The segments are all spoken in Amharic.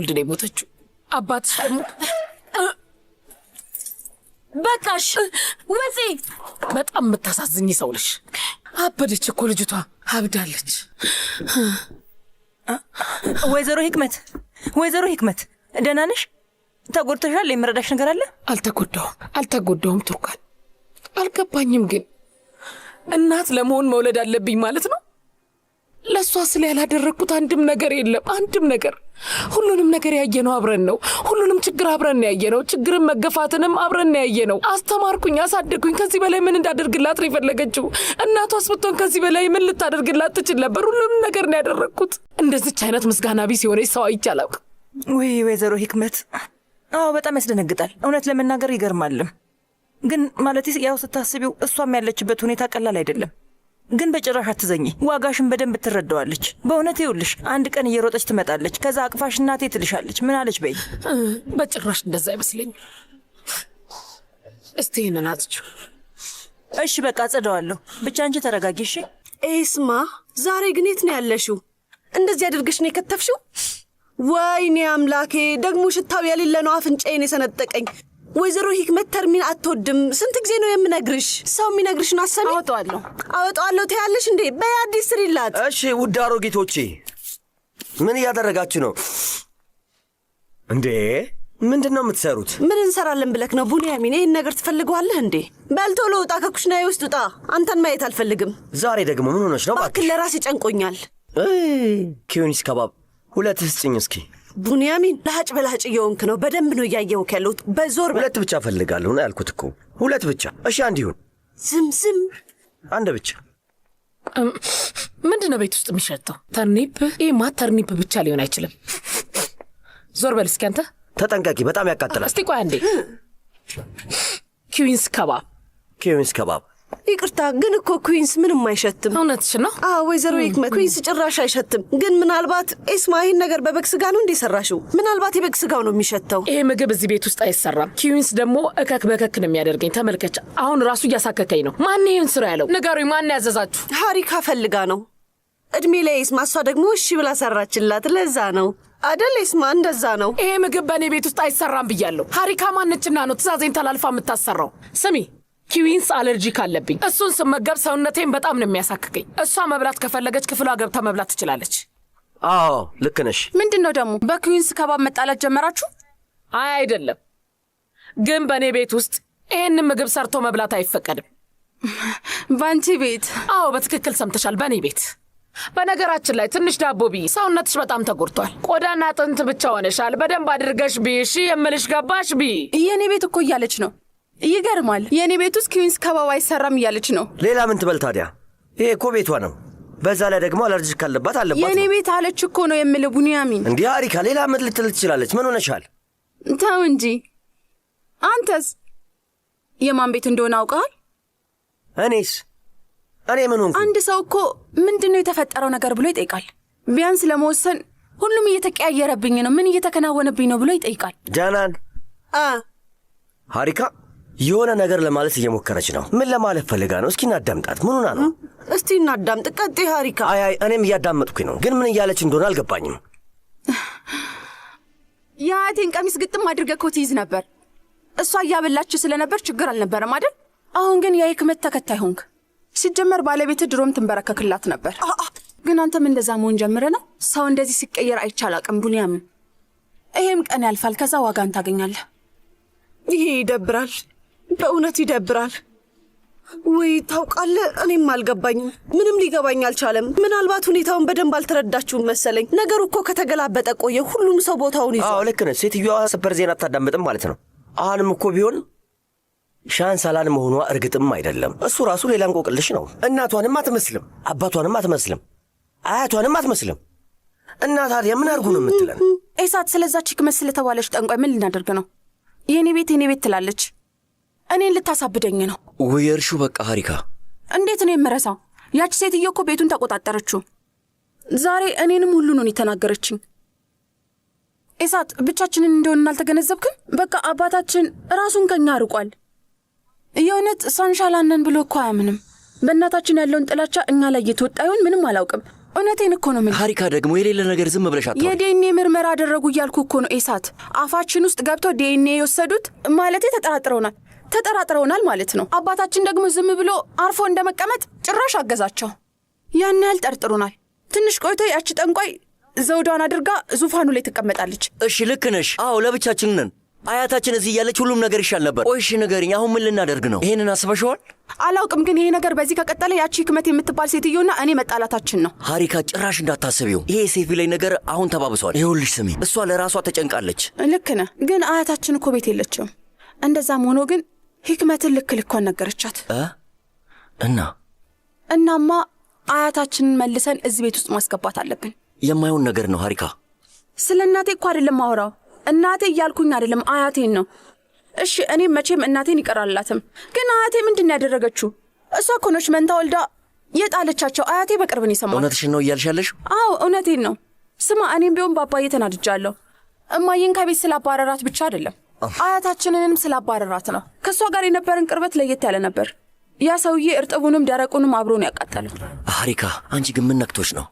ወልድ ነው የሞተችው። በቃሽ ወፂ በጣም የምታሳዝኝ ሰው ነሽ። አበደች እኮ ልጅቷ አብዳለች። ወይዘሮ ህክመት ወይዘሮ ህክመት ደህና ነሽ? ተጎድተሻል? የምረዳሽ ነገር አለ? አልተጎዳሁም አልተጎዳሁም። ቱርካን አልገባኝም ግን እናት ለመሆን መውለድ አለብኝ ማለት ነው? ለእሷ ስለ ያላደረግኩት አንድም ነገር የለም። አንድም ነገር ሁሉንም ነገር ያየነው አብረን ነው። ሁሉንም ችግር አብረን ያየነው፣ ችግርን መገፋትንም አብረን ያየነው። አስተማርኩኝ፣ አሳደግኩኝ። ከዚህ በላይ ምን እንዳደርግላት ነው የፈለገችው? እናቷስ ብትሆን ከዚህ በላይ ምን ልታደርግላት ትችል ነበር? ሁሉንም ነገር ነው ያደረግኩት። እንደዚች አይነት ምስጋና ቢስ የሆነች ሰው አይቼ አላውቅም። ውይ ወይዘሮ ህክመት፣ አዎ በጣም ያስደነግጣል። እውነት ለመናገር ይገርማልም። ግን ማለት ያው ስታስቢው እሷም ያለችበት ሁኔታ ቀላል አይደለም። ግን በጭራሽ አትዘኝ። ዋጋሽን በደንብ ትረዳዋለች። በእውነት ይውልሽ፣ አንድ ቀን እየሮጠች ትመጣለች። ከዛ አቅፋሽ እናቴ ትልሻለች። ምን አለች በይ። በጭራሽ እንደዛ አይመስለኝ። እስቲ ይህንን አጽችው። እሺ በቃ አጸደዋለሁ። ብቻ አንቺ ተረጋጊ እሺ። ኤስማ ዛሬ ግን የት ነው ያለሽው? እንደዚህ አድርገሽ ነው የከተፍሽው? ወይኔ አምላኬ! ደግሞ ሽታው የሌለ ነው አፍንጫዬን የሰነጠቀኝ። ወይዘሮ ሂክመት ተርሚን አትወድም። ስንት ጊዜ ነው የምነግርሽ? ሰው የሚነግርሽ ነው አሰሚ። አወጣዋለሁ አወጣዋለሁ ትያለሽ እንዴ? በይ ስሪላት። እሺ ውድ አሮጊቶቼ ምን እያደረጋችሁ ነው እንዴ? ምንድን ነው የምትሰሩት? ምን እንሰራለን ብለክ ነው ቡንያሚን? ይህን ነገር ትፈልገዋለህ እንዴ? በልቶ ለውጣ ከኩሽናዬ ውስጥ ውጣ። አንተን ማየት አልፈልግም። ዛሬ ደግሞ ምን ሆነች ነው? እባክህ ለራሴ ጨንቆኛል። ኪዮኒስ ከባብ ሁለት ስጭኝ እስኪ ቡንያሚን ላጭ በላጭ እየሆንክ ነው። በደንብ ነው እያየሁህ ያለሁት። በዞር ሁለት ብቻ ፈልጋለሁ ነው ያልኩት እኮ ሁለት ብቻ። እሺ አንድ ይሁን። ዝም ዝም አንድ ብቻ። ምንድን ቤት ውስጥ የሚሸተው? ተርኒፕ? ይህማ ተርኒፕ ብቻ ሊሆን አይችልም። ዞር በል እስኪ አንተ። ተጠንቀቂ፣ በጣም ያቃጥላል። እስቲ ቆይ አንዴ። ኪዊንስ ከባብ ኪዊንስ ከባብ ይቅርታ ግን እኮ ኩዊንስ ምንም አይሸትም። እውነትሽ ነው። አዎ ወይዘሮ ይክመት ኩዊንስ ጭራሽ አይሸትም። ግን ምናልባት ኤስማ ይህን ነገር በበግ ስጋ ነው እንዴ ምናልባት የበግ ስጋው ነው የሚሸተው። ይሄ ምግብ እዚህ ቤት ውስጥ አይሰራም። ኩዊንስ ደግሞ እከክ በከክ ነው የሚያደርገኝ። ተመልከች፣ አሁን ራሱ እያሳከከኝ ነው። ማን ይህን ስራ ያለው? ንገሩኝ፣ ማን ያዘዛችሁ? ሀሪካ ፈልጋ ነው እድሜ ላይ ኤስማ። እሷ ደግሞ እሺ ብላ ሰራችላት። ለዛ ነው አደል ኤስማ? እንደዛ ነው። ይሄ ምግብ በእኔ ቤት ውስጥ አይሰራም ብያለሁ። ሀሪካ ማንችና ነው ትእዛዜን ተላልፋ የምታሰራው? ስሚ ኪዊንስ አለርጂክ አለብኝ። እሱን ስመገብ ሰውነቴን በጣም ነው የሚያሳክከኝ። እሷ መብላት ከፈለገች ክፍሏ ገብታ መብላት ትችላለች። አዎ ልክ ነሽ። ምንድን ነው ደግሞ በኪዊንስ ከባብ መጣላት ጀመራችሁ? አይ አይደለም፣ ግን በእኔ ቤት ውስጥ ይህንን ምግብ ሰርቶ መብላት አይፈቀድም። በአንቺ ቤት? አዎ በትክክል ሰምተሻል፣ በእኔ ቤት። በነገራችን ላይ ትንሽ ዳቦ ብይ፣ ሰውነትሽ በጣም ተጎድቷል። ቆዳና አጥንት ብቻ ሆነሻል። በደንብ አድርገሽ ብይ፣ እሺ የምልሽ ገባሽ? ብይ። የእኔ ቤት እኮ እያለች ነው ይገርማል። የእኔ ቤት ውስጥ ኪዊንስ ከበባ አይሰራም እያለች ነው። ሌላ ምን ትበል ታዲያ? ይሄ እኮ ቤቷ ነው። በዛ ላይ ደግሞ አለርጂክ ካለባት አለባት። የእኔ ቤት አለች እኮ ነው የምልህ ቡኒያሚን። እንዲህ አሪካ ሌላ ምን ልትል ትችላለች? ምን ሆነሻል? ተው እንጂ አንተስ የማን ቤት እንደሆነ አውቀሃል? እኔስ እኔ ምን ሆንኩ? አንድ ሰው እኮ ምንድን ነው የተፈጠረው ነገር ብሎ ይጠይቃል። ቢያንስ ለመወሰን ሁሉም እየተቀያየረብኝ ነው፣ ምን እየተከናወነብኝ ነው ብሎ ይጠይቃል። ጃናን ሀሪካ የሆነ ነገር ለማለት እየሞከረች ነው። ምን ለማለት ፈልጋ ነው? እስኪ እናዳምጣት። ምኑና ነው? እስቲ እናዳምጥ። ቀጤ ሀሪካ። አይ እኔም እያዳመጥኩኝ ነው፣ ግን ምን እያለች እንደሆነ አልገባኝም። የአያቴን ቀሚስ ግጥም አድርገህ እኮ ትይዝ ነበር። እሷ እያበላች ስለነበር ችግር አልነበረም አይደል? አሁን ግን የህክመት ተከታይ ሆንክ። ሲጀመር ባለቤት ድሮም ትንበረከክላት ነበር፣ ግን አንተም እንደዛ መሆን ጀምረ ነው። ሰው እንደዚህ ሲቀየር አይቻል አቅም ቡንያምን። ይሄም ቀን ያልፋል፣ ከዛ ዋጋን ታገኛለህ። ይሄ ይደብራል። በእውነት ይደብራል። ወይ ታውቃለ እኔም አልገባኝም። ምንም ሊገባኝ አልቻለም። ምናልባት ሁኔታውን በደንብ አልተረዳችሁም መሰለኝ። ነገሩ እኮ ከተገላበጠ ቆየ። ሁሉም ሰው ቦታውን ይዞ። አዎ ልክ ነህ። ሴትዮዋ ሰበር ዜና አታዳምጥም ማለት ነው። አሁንም እኮ ቢሆን ሻንስ አላን መሆኗ እርግጥም አይደለም። እሱ ራሱ ሌላ እንቆቅልሽ ነው። እናቷንም አትመስልም፣ አባቷንም አትመስልም፣ አያቷንም አትመስልም። እና ታዲያ ምን አድርጉ ነው የምትለን? ኤሳት ስለዛች ክመስል ስለተባለች ጠንቋይ ምን ልናደርግ ነው? የእኔ ቤት የኔ ቤት ትላለች። እኔን ልታሳብደኝ ነው ወይ? እርሹ በቃ ሀሪካ፣ እንዴት ነው የምረሳው? ያች ሴትዮ እኮ ቤቱን ተቆጣጠረችው። ዛሬ እኔንም ሁሉን የተናገረችኝ። እሳት ብቻችንን እንደሆንን አልተገነዘብክም? በቃ አባታችን ራሱን ከኛ አርቋል። የእውነት ሳንሻላነን ብሎ እኮ አያምንም። በእናታችን ያለውን ጥላቻ እኛ ላይ እየተወጣ ይሆን? ምንም አላውቅም። እውነቴን እኮ ነው። ምን ሀሪካ ደግሞ የሌለ ነገር ዝም ብለሽ የዲኤንኤ ምርመራ አደረጉ እያልኩ እኮ ነው። ኤሳት። አፋችን ውስጥ ገብተው ዲኤንኤ የወሰዱት ማለቴ ተጠራጥረውናል። ተጠራጥረውናል ማለት ነው። አባታችን ደግሞ ዝም ብሎ አርፎ እንደመቀመጥ ጭራሽ አገዛቸው። ያን ያህል ጠርጥሩናል። ትንሽ ቆይቶ ያቺ ጠንቋይ ዘውዷን አድርጋ ዙፋኑ ላይ ትቀመጣለች። እሺ ልክ ነሽ። አዎ ለብቻችን ነን። አያታችን እዚህ እያለች ሁሉም ነገር ይሻል ነበር። ቆይ እሺ ንገሪኝ፣ አሁን ምን ልናደርግ ነው? ይህንን አስበሽዋል? አላውቅም፣ ግን ይሄ ነገር በዚህ ከቀጠለ ያቺ ህክመት የምትባል ሴትዮና እኔ መጣላታችን ነው። ሀሪካ፣ ጭራሽ እንዳታስቢው። ይሄ ሴፊ ላይ ነገር አሁን ተባብሷል። ይኸውልሽ ስሚ፣ እሷ ለራሷ ተጨንቃለች። ልክ ነህ፣ ግን አያታችን እኮ ቤት የለችም። እንደዛም ሆኖ ግን ህክመትን ልክ ልኮን ነገረቻት እና እናማ አያታችንን መልሰን እዚህ ቤት ውስጥ ማስገባት አለብን። የማይሆን ነገር ነው ሀሪካ። ስለ እናቴ እኮ አይደለም ማውራው፣ እናቴ እያልኩኝ አይደለም አያቴን ነው። እሺ እኔም መቼም እናቴን ይቀራላትም፣ ግን አያቴ ምንድን ያደረገችው? እሷ ኮኖች መንታ ወልዳ የጣለቻቸው። አያቴ በቅርብን ይሰማል። እውነትሽን ነው እያልሻለሽ? አዎ እውነቴን ነው። ስማ እኔም ቢሆን በአባዬ ተናድጃለሁ። እማዬን ከቤት ስላባረራት ብቻ አይደለም አያታችንንም ስላባረራት ነው። ከእሷ ጋር የነበረን ቅርበት ለየት ያለ ነበር። ያ ሰውዬ እርጥቡንም ደረቁንም አብሮን ያቃጠለው። አሪካ፣ አንቺ ግን ምን ነክቶች ነው?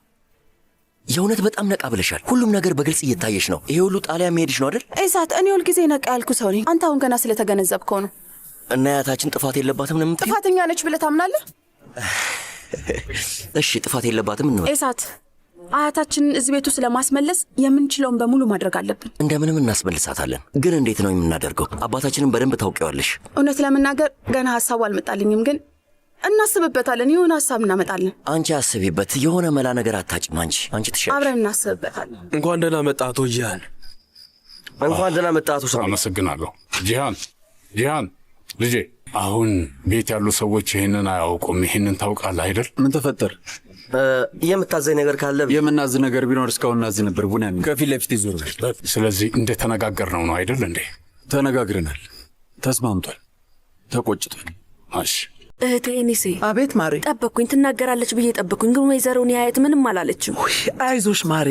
የእውነት በጣም ነቃ ብለሻል። ሁሉም ነገር በግልጽ እየታየሽ ነው። ይሄ ሁሉ ጣሊያ መሄድሽ ነው አይደል? ኢሳት፣ እኔ ሁልጊዜ ነቃ ያልኩ ሰው ነኝ። አንተ አሁን ገና ስለተገነዘብከው ነው። እና አያታችን ጥፋት የለባትም ነው? ጥፋተኛ ነች ብለህ ታምናለህ? እሺ ጥፋት የለባትም እንበል ኢሳት አያታችንን እዚህ ቤት ውስጥ ለማስመለስ የምንችለውን በሙሉ ማድረግ አለብን። እንደምንም እናስመልሳታለን። ግን እንዴት ነው የምናደርገው? አባታችንን በደንብ ታውቂዋለሽ። እውነት ለመናገር ገና ሀሳቡ አልመጣልኝም፣ ግን እናስብበታለን። የሆነ ሀሳብ እናመጣለን። አንቺ አስቢበት። የሆነ መላ ነገር አታጭም። አንቺ አንቺ ትሻ አብረን እናስብበታለን። እንኳን ደህና መጣቶ ጂሃን። እንኳን ደህና መጣቶ። አቶ አመሰግናለሁ። ጂሃን ጂሃን ልጄ አሁን ቤት ያሉ ሰዎች ይህንን አያውቁም። ይህንን ታውቃለህ አይደል? ምን ተፈጠር የምታዘኝ ነገር ካለ የምናዝ ነገር ቢኖር እስካሁን እናዝ ነበር። ቡና ከፊት ለፊት ይዞር። ስለዚህ እንደ ተነጋገር ነው ነው አይደል እንዴ? ተነጋግረናል። ተስማምቷል። ተቆጭቷል። እሺ እህቴ ኒሴ። አቤት ማሬ። ጠበኩኝ ትናገራለች ብዬ ጠበኩኝ፣ ግን ወይዘሮን ያየት ምንም አላለችም። አይዞሽ ማሬ፣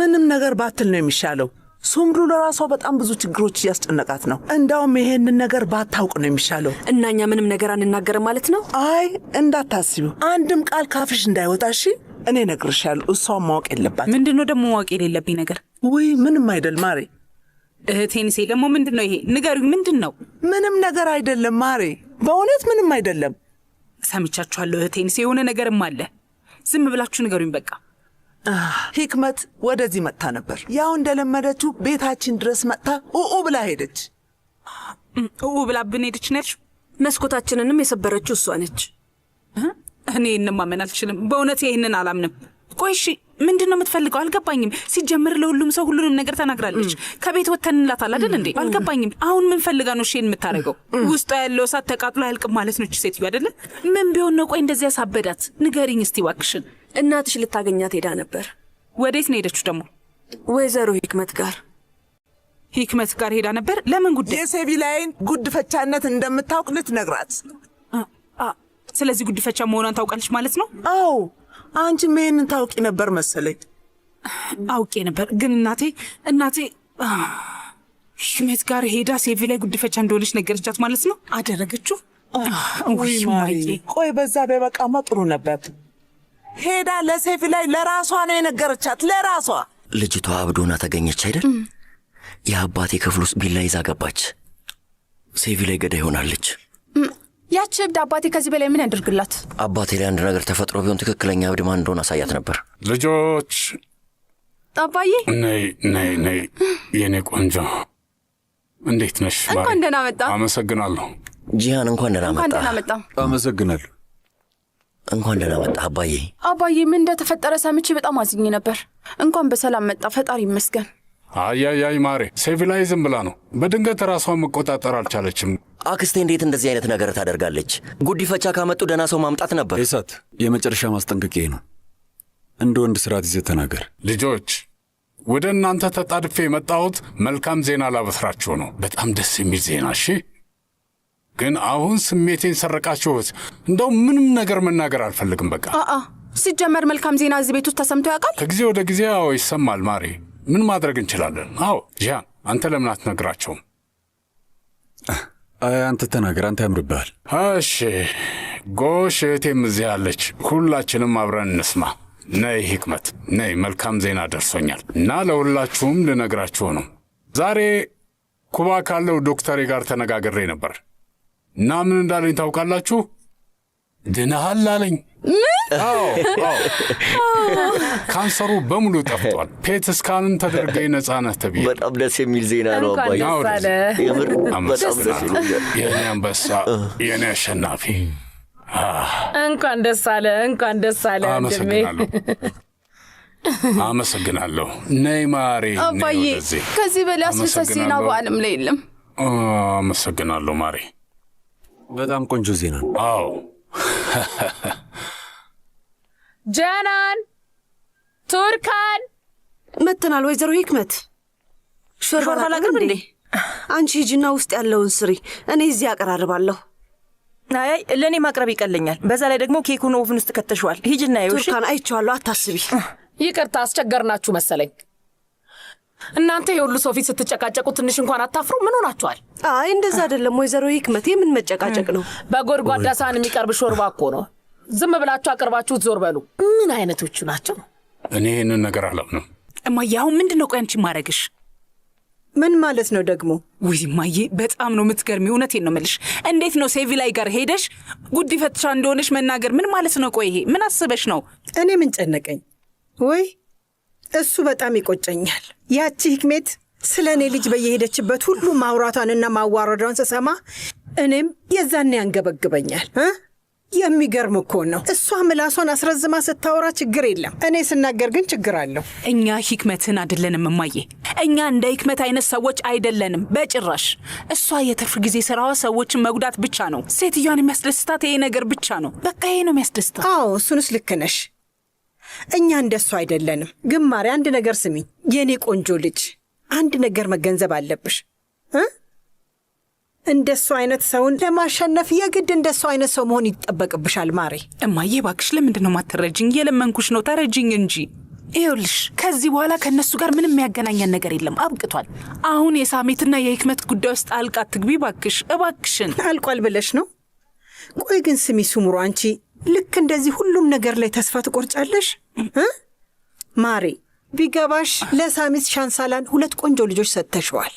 ምንም ነገር ባትል ነው የሚሻለው። ሱምሩ ለራሷ በጣም ብዙ ችግሮች እያስጨነቃት ነው። እንዳውም ይሄንን ነገር ባታውቅ ነው የሚሻለው። እና እኛ ምንም ነገር አንናገርም ማለት ነው? አይ እንዳታስቢው፣ አንድም ቃል ካፍሽ እንዳይወጣ እሺ። እኔ እነግርሻለሁ፣ እሷን ማወቅ የለባት ምንድን ነው ደግሞ ማወቅ የሌለብኝ ነገር? ውይ ምንም አይደል ማሬ። እህቴንሴ ደግሞ ምንድን ነው ይሄ? ንገሪ፣ ምንድን ነው? ምንም ነገር አይደለም ማሬ፣ በእውነት ምንም አይደለም። ሰምቻችኋለሁ እህቴንሴ፣ የሆነ ነገርም አለ። ዝም ብላችሁ ንገሩኝ በቃ። ሂክመት ወደዚህ መጥታ ነበር። ያው እንደለመደችው ቤታችን ድረስ መጥታ ኡኡ ብላ ሄደች። ኡኡ ብላ ብንሄደች ነች። መስኮታችንንም የሰበረችው እሷ ነች። እኔ ይህንን ማመን አልችልም። በእውነት ይህንን አላምንም። ቆይ እሺ፣ ምንድን ነው የምትፈልገው? አልገባኝም። ሲጀምር ለሁሉም ሰው ሁሉንም ነገር ተናግራለች። ከቤት ወተንላታል አይደል እንዴ? አልገባኝም። አሁን ምን ፈልጋ ነው ሽን የምታደርገው? ውስጧ ያለው እሳት ተቃጥሎ አያልቅም ማለት ነች ሴትዮ አይደለ? ምን ቢሆን ነው? ቆይ እንደዚያ ሳበዳት ንገሪኝ እስቲ እባክሽን። እናትሽ ልታገኛት ሄዳ ነበር። ወዴት ነው ሄደችው ደግሞ? ወይዘሮ ህክመት ጋር ህክመት ጋር ሄዳ ነበር። ለምን ጉዳይ? የሴቪላይን ጉድፈቻነት እንደምታውቅ ልትነግራት። ስለዚህ ጉድፈቻ መሆኗን ታውቃለች ማለት ነው? አዎ፣ አንቺም ይህንን ታውቂ ነበር መሰለኝ። አውቄ ነበር፣ ግን እናቴ እናቴ ሂክመት ጋር ሄዳ ሴቪ ላይ ጉድፈቻ እንደሆነች ነገረቻት ማለት ነው። አደረገችው። ቆይ፣ በዛ በበቃማ ጥሩ ነበር። ሄዳ ለሴፊ ላይ ለራሷ ነው የነገረቻት። ለራሷ ልጅቷ አብዶና ተገኘች አይደል? የአባቴ ክፍል ውስጥ ቢላ ይዛ ገባች። ሴቪ ላይ ገዳ ይሆናለች። ያቺ እብድ አባቴ ከዚህ በላይ ምን ያደርግላት? አባቴ ላይ አንድ ነገር ተፈጥሮ ቢሆን ትክክለኛ እብድ ማን እንደሆነ አሳያት ነበር። ልጆች አባዬ፣ ነይ ነይ ነይ፣ የእኔ ቆንጆ እንዴት ነሽ? እንኳን ደህና መጣ። አመሰግናለሁ ጂሃን፣ እንኳን ደህና መጣ። አመሰግናለሁ። እንኳን ደህና መጣ አባዬ። አባዬ ምን እንደተፈጠረ ሰምቼ በጣም አዝኝ ነበር። እንኳን በሰላም መጣ፣ ፈጣሪ ይመስገን። አያያይ ማሬ፣ ሲቪላይዝም ብላ ነው። በድንገት ራሷን መቆጣጠር አልቻለችም። አክስቴ እንዴት እንደዚህ አይነት ነገር ታደርጋለች? ጉዲፈቻ ካመጡ ደህና ሰው ማምጣት ነበር። ይሰት የመጨረሻ ማስጠንቀቂያ ነው። እንደ ወንድ ስርዓት ይዘህ ተናገር። ልጆች፣ ወደ እናንተ ተጣድፌ የመጣሁት መልካም ዜና ላበስራችሁ ነው። በጣም ደስ የሚል ዜና። እሺ ግን አሁን ስሜቴን ሰረቃችሁት። እንደው ምንም ነገር መናገር አልፈልግም። በቃ ሲጀመር መልካም ዜና እዚህ ቤት ውስጥ ተሰምቶ ያውቃል? ከጊዜ ወደ ጊዜ አዎ ይሰማል። ማሬ ምን ማድረግ እንችላለን? አዎ ዣን፣ አንተ ለምን አትነግራቸውም? አንተ ተናገር፣ አንተ ያምርብሃል። እሺ ጎሽ፣ እህቴም እዚህ አለች። ሁላችንም አብረን እንስማ። ነይ ህክመት፣ ነይ። መልካም ዜና ደርሶኛል እና ለሁላችሁም ልነግራችሁ ነው። ዛሬ ኩባ ካለው ዶክተሬ ጋር ተነጋግሬ ነበር። እና ምን እንዳለኝ ታውቃላችሁ? ድነሃል አለኝ። ካንሰሩ በሙሉ ጠፍቷል። ፔት ስካንን ተደርገ ነጻነት ነህ በጣም ደስ የሚል ዜና ነው። የኔ አንበሳ፣ የኔ አሸናፊ፣ እንኳን ደስ አለ፣ እንኳን ደስ አለ። አመሰግናለሁ አመሰግናለሁ። ነይ ማሬ። አባዬ፣ ከዚህ በላይ አስደሳች ዜና በዓለም ላይ የለም። አመሰግናለሁ ማሬ። በጣም ቆንጆ ዜና ነው። አዎ ጀናን ቱርካን መተናል። ወይዘሮ ሂክመት ሾርባ እንዴ? አንቺ ሂጂና ውስጥ ያለውን ስሪ፣ እኔ እዚህ አቀራርባለሁ። አይ ለእኔ ማቅረብ ይቀለኛል። በዛ ላይ ደግሞ ኬኩን ኦቭን ውስጥ ከተሸዋል። ሂጂና ቱርካን፣ አይቼዋለሁ፣ አታስቢ። ይቅርታ አስቸገርናችሁ መሰለኝ። እናንተ የሁሉ ሰው ፊት ስትጨቃጨቁ ትንሽ እንኳን አታፍሩ? ምን ሆናችኋል? አይ እንደዛ አይደለም ወይዘሮ ህክመት፣ ምን መጨቃጨቅ ነው? በጎድጓዳ ሳህን የሚቀርብ ሾርባ እኮ ነው። ዝም ብላችሁ አቅርባችሁት ዞር በሉ። ምን አይነቶቹ ናቸው? እኔ ይህንን ነገር አላምንም። እማዬ፣ አሁን ምንድን ነው ቆይ አንቺ ማድረግሽ? ምን ማለት ነው ደግሞ? ውይ እማዬ፣ በጣም ነው የምትገርሚው። እውነቴን ነው የምልሽ። እንዴት ነው ሴቪላይ ጋር ሄደሽ ፈትሻ እንደሆነሽ መናገር ምን ማለት ነው? ቆይ ይሄ ምን አስበሽ ነው? እኔ ምን ጨነቀኝ ወይ እሱ በጣም ይቆጨኛል። ያቺ ህክሜት ስለ እኔ ልጅ በየሄደችበት ሁሉ ማውራቷንና ማዋረዷን ስሰማ እኔም የዛኔ ያንገበግበኛል። የሚገርም እኮ ነው። እሷ ምላሷን አስረዝማ ስታወራ ችግር የለም፣ እኔ ስናገር ግን ችግር አለው። እኛ ሂክመትን አይደለንም እማዬ፣ እኛ እንደ ሂክመት አይነት ሰዎች አይደለንም በጭራሽ። እሷ የትርፍ ጊዜ ስራዋ ሰዎችን መጉዳት ብቻ ነው። ሴትዮዋን የሚያስደስታት ይሄ ነገር ብቻ ነው። በቃ ይሄ ነው የሚያስደስታት። አዎ እሱንስ ልክ ነሽ። እኛ እንደሱ አይደለንም። ግን ማሪ፣ አንድ ነገር ስሚኝ የእኔ ቆንጆ ልጅ፣ አንድ ነገር መገንዘብ አለብሽ እንደሱ አይነት ሰውን ለማሸነፍ የግድ እንደሱ አይነት ሰው መሆን ይጠበቅብሻል ማሬ። እማዬ እባክሽ፣ ለምንድን ነው ማትረጅኝ? የለመንኩሽ ነው ተረጅኝ እንጂ። ይኸውልሽ ከዚህ በኋላ ከእነሱ ጋር ምንም የሚያገናኘን ነገር የለም፣ አብቅቷል። አሁን የሳሜትና የህክመት ጉዳይ ውስጥ አልቃ ትግቢ እባክሽ፣ እባክሽን። አልቋል ብለሽ ነው? ቆይ ግን ስሚ ሱምሮ፣ አንቺ ልክ እንደዚህ ሁሉም ነገር ላይ ተስፋ ትቆርጫለሽ? ማሬ ቢገባሽ ለሳሚስ ሻንሳላን ሁለት ቆንጆ ልጆች ሰጥተሸዋል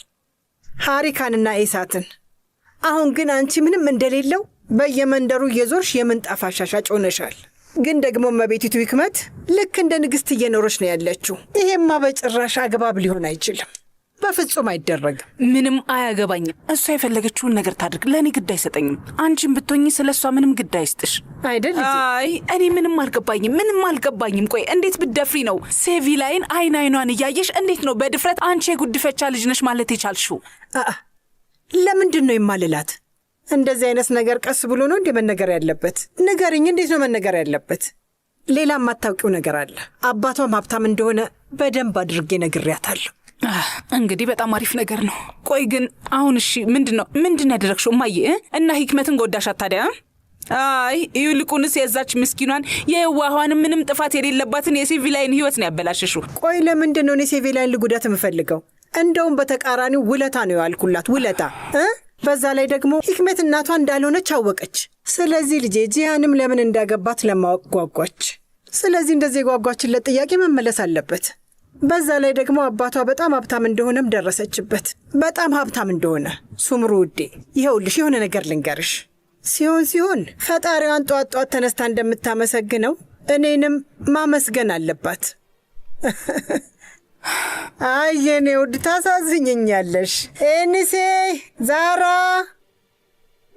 ሃሪካንና ኤሳትን። አሁን ግን አንቺ ምንም እንደሌለው በየመንደሩ የዞርሽ የምንጣፍ አሻሻጭ ሆነሻል። ግን ደግሞ መቤቲቱ ህክመት ልክ እንደ ንግሥት እየኖረች ነው ያለችው። ይሄማ በጭራሽ አግባብ ሊሆን አይችልም። በፍጹም አይደረግም። ምንም አያገባኝም። እሷ የፈለገችውን ነገር ታድርግ፣ ለእኔ ግድ አይሰጠኝም። አንቺም ብትኝ ስለ እሷ ምንም ግድ አይስጥሽ አይደል? አይ እኔ ምንም አልገባኝም፣ ምንም አልገባኝም። ቆይ እንዴት ብደፍሪ ነው ሴቪ ላይን አይን አይኗን እያየሽ እንዴት ነው በድፍረት አንቺ የጉድፈቻ ልጅ ነሽ ማለት የቻልሽው? ለምንድን ነው የማልላት? እንደዚህ አይነት ነገር ቀስ ብሎ ነው እንዴ መነገር ያለበት? ንገርኝ፣ እንዴት ነው መነገር ያለበት? ሌላ የማታውቂው ነገር አለ። አባቷም ሀብታም እንደሆነ በደንብ አድርጌ ነግሬያታለሁ። እንግዲህ በጣም አሪፍ ነገር ነው። ቆይ ግን አሁን እሺ፣ ምንድን ነው ምንድን ነው ያደረግሽው? እማዬ እና ህክመትን ጎዳሻት ታዲያ? አይ ይልቁንስ የዛች ምስኪኗን የዋህዋን ምንም ጥፋት የሌለባትን የሴቪላይን ህይወት ነው ያበላሸሹ። ቆይ ለምንድን ነው እኔ ሴቪላይን ልጉዳት የምፈልገው? እንደውም በተቃራኒው ውለታ ነው ያልኩላት ውለታ በዛ ላይ ደግሞ ህክመት እናቷ እንዳልሆነች አወቀች። ስለዚህ ልጄ ጂያንም ለምን እንዳገባት ለማወቅ ጓጓች። ስለዚህ እንደዚህ የጓጓችለት ጥያቄ መመለስ አለበት። በዛ ላይ ደግሞ አባቷ በጣም ሀብታም እንደሆነም ደረሰችበት። በጣም ሀብታም እንደሆነ ሱምሩ ውዴ፣ ይኸውልሽ የሆነ ነገር ልንገርሽ ሲሆን ሲሆን ፈጣሪዋን ጧት ጧት ተነስታ እንደምታመሰግነው እኔንም ማመስገን አለባት። አየኔ ውድ ታሳዝኝኛለሽ። ኤኒሴ፣ ዛራ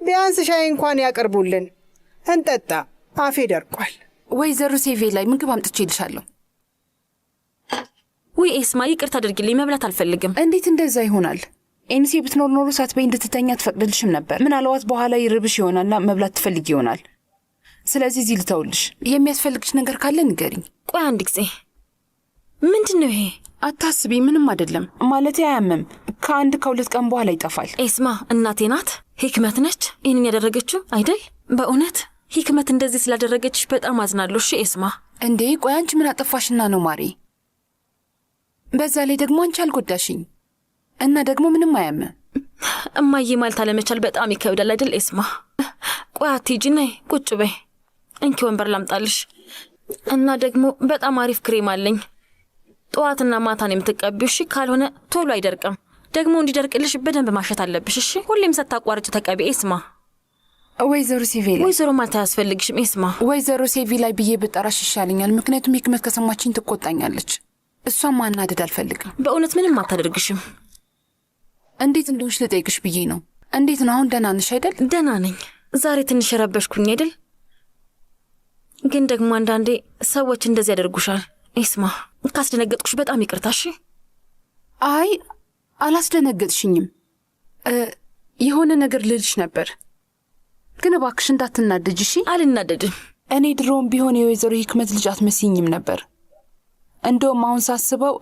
ቢያንስ ሻይ እንኳን ያቀርቡልን እንጠጣ፣ አፌ ደርቋል። ወይዘሮ ሴቬ ላይ ምግብ አምጥቼ ይልሻለሁ። ወይ ኤስማ ይቅርታ አድርግልኝ፣ መብላት አልፈልግም። እንዴት እንደዛ ይሆናል? ኤንሴ ብትኖር ኖሮ ሳትበይ እንድትተኛ ትፈቅድልሽም ነበር። ምናልባት በኋላ ይርብሽ ይሆናልና መብላት ትፈልጊ ይሆናል። ስለዚህ እዚህ ልተውልሽ። የሚያስፈልግሽ ነገር ካለ ንገሪኝ። ቆይ አንድ ጊዜ ምንድን ነው ይሄ? አታስቢ፣ ምንም አይደለም። ማለት አያምም። ከአንድ ከሁለት ቀን በኋላ ይጠፋል። ኤስማ እናቴ ናት፣ ሂክመት ነች ይህንን ያደረገችው አይደል? በእውነት ሂክመት እንደዚህ ስላደረገችሽ በጣም አዝናለሁ። እሺ ኤስማ። እንዴ ቆይ አንቺ ምን አጠፋሽና ነው ማሪ? በዛ ላይ ደግሞ አንቺ አልጎዳሽኝ እና ደግሞ ምንም አያመ እማዬ ማለት አለመቻል በጣም ይከብዳል አይደል? ኤስማ ቆይ አትሂጂ፣ ነይ ቁጭ በይ። እንኪ ወንበር ላምጣልሽ። እና ደግሞ በጣም አሪፍ ክሬም አለኝ። ጠዋትና ማታን የምትቀቢው እሺ? ካልሆነ ቶሎ አይደርቅም። ደግሞ እንዲደርቅልሽ በደንብ ማሸት አለብሽ እሺ? ሁሌም ሳታቋርጭ ተቀቢ ኤስማ። ወይዘሮ ሴቪ ላይ ወይዘሮ ማለት አያስፈልግሽም ኤስማ። ወይዘሮ ሴቪ ላይ ብዬ ብጠራሽ ይሻለኛል፣ ምክንያቱም ህክመት ከሰማችኝ ትቆጣኛለች። እሷን ማናደድ አልፈልግም። በእውነት ምንም አታደርግሽም። እንዴት እንደሆንሽ ልጠይቅሽ ብዬ ነው። እንዴት ነው አሁን? ደህና ነሽ አይደል? ደህና ነኝ። ዛሬ ትንሽ ረበሽኩኝ አይደል? ግን ደግሞ አንዳንዴ ሰዎች እንደዚህ ያደርጉሻል። ይስማ፣ ካስደነገጥኩሽ በጣም ይቅርታሽ። አይ አላስደነገጥሽኝም። የሆነ ነገር ልልሽ ነበር፣ ግን እባክሽ እንዳትናደጅ እሺ? አልናደድም። እኔ ድሮም ቢሆን የወይዘሮ ሂክመት ልጅ አትመስኝም ነበር እንደውም አሁን ሳስበው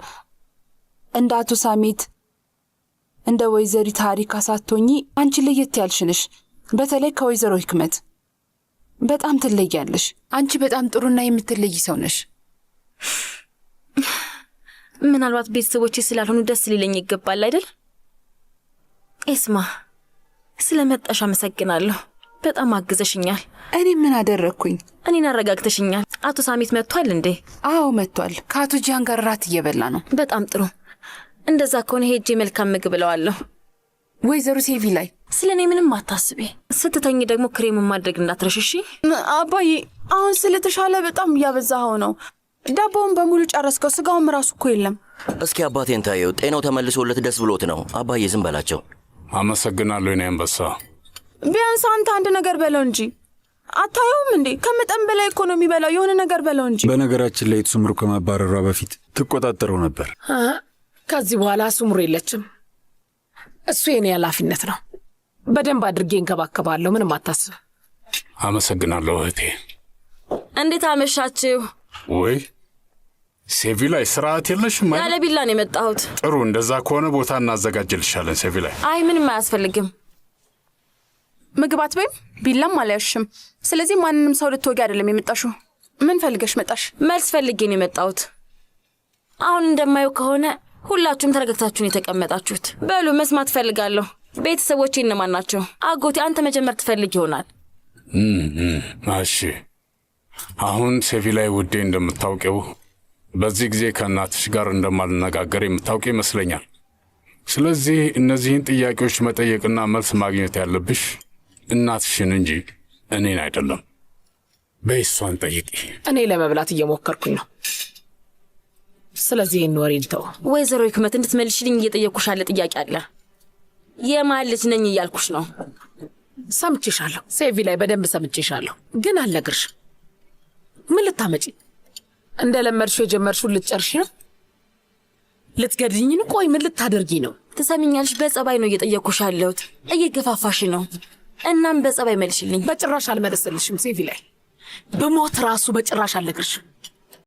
እንደ አቶ ሳሜት እንደ ወይዘሪ ታሪክ አሳቶኝ አንቺ ለየት ያልሽንሽ በተለይ ከወይዘሮ ህክመት በጣም ትለያለሽ። አንቺ በጣም ጥሩና የምትለይ ሰው ነሽ። ምናልባት ቤተሰቦች ስላልሆኑ ደስ ሊለኝ ይገባል አይደል? ኤስማ መጣሽ አመሰግናለሁ። በጣም አግዘሽኛል። እኔ ምን አደረግኩኝ? እኔን አረጋግተሽኛል። አቶ ሳሚት መጥቷል እንዴ? አዎ መጥቷል። ከአቶ ጂያን ጋር ራት እየበላ ነው። በጣም ጥሩ። እንደዛ ከሆነ ሄጄ መልካም ምግብ እለዋለሁ። ወይዘሮ ሴቪ ላይ ስለ እኔ ምንም አታስቤ። ስትተኝ ደግሞ ክሬሙን ማድረግ እንዳትረሽሺ። አባዬ አሁን ስለተሻለ በጣም እያበዛኸው ነው። ዳቦውን በሙሉ ጨረስከው። ስጋውም ራሱ እኮ የለም። እስኪ አባቴን ታየው። ጤናው ተመልሶለት ደስ ብሎት ነው። አባዬ ዝም በላቸው። አመሰግናለሁ። ኔ አንበሳ ቢያንስ አንተ አንድ ነገር በለው እንጂ አታየውም እንዴ? ከመጠን በላይ እኮ ነው የሚበላው። የሆነ ነገር በለው እንጂ። በነገራችን ላይ ሱምሩ ከመባረሯ በፊት ትቆጣጠረው ነበር። ከዚህ በኋላ ሱምሩ የለችም። እሱ የኔ ኃላፊነት ነው። በደንብ አድርጌ እንከባከባለሁ። ምንም አታስብ። አመሰግናለሁ እህቴ። እንዴት አመሻችሁ? ወይ ሴቪላይ፣ ስርዓት የለሽም። ያለ ቢላ ነው የመጣሁት። ጥሩ፣ እንደዛ ከሆነ ቦታ እናዘጋጅልሻለን ሴቪላይ። አይ ምንም አያስፈልግም። ምግባት ወይም ቢላም አላያሽም። ስለዚህ ማንንም ሰው ልትወጊ አይደለም የመጣሹ። ምን ፈልገሽ መጣሽ? መልስ ፈልጌን የመጣሁት። አሁን እንደማየው ከሆነ ሁላችሁም ተረጋግታችሁን የተቀመጣችሁት። በሉ መስማት ፈልጋለሁ። ቤተሰቦቼ እነማን ናቸው? አጎቴ፣ አንተ መጀመር ትፈልግ ይሆናል። እሺ፣ አሁን ሴቪ ላይ ውዴ፣ እንደምታውቂው በዚህ ጊዜ ከእናትሽ ጋር እንደማልነጋገር የምታውቂ ይመስለኛል። ስለዚህ እነዚህን ጥያቄዎች መጠየቅና መልስ ማግኘት ያለብሽ እናትሽን እንጂ እኔን አይደለም። በይሷን ጠይቂ። እኔ ለመብላት እየሞከርኩኝ ነው። ስለዚህ ይህን ወሬ ልተው። ወይዘሮ ህክመት እንድትመልሽልኝ እየጠየቅኩሽ ያለ ጥያቄ አለ። የማን ልጅ ነኝ እያልኩሽ ነው። ሰምቼሻለሁ፣ ሴቪ ላይ በደንብ ሰምቼሻለሁ፣ ግን አለግርሽ ምን ልታመጪ እንደ ለመድሽው የጀመርሽውን ልትጨርሽ ነው? ልትገድኝን? ቆይ ምን ልታደርጊ ነው? ትሰሚኛልሽ? በጸባይ ነው እየጠየቅኩሽ ያለሁት። እየገፋፋሽ ነው እናም በጸባይ መልሽልኝ። በጭራሽ አልመለስልሽም ሴቪ ላይ በሞት ራሱ በጭራሽ አልነግርሽም።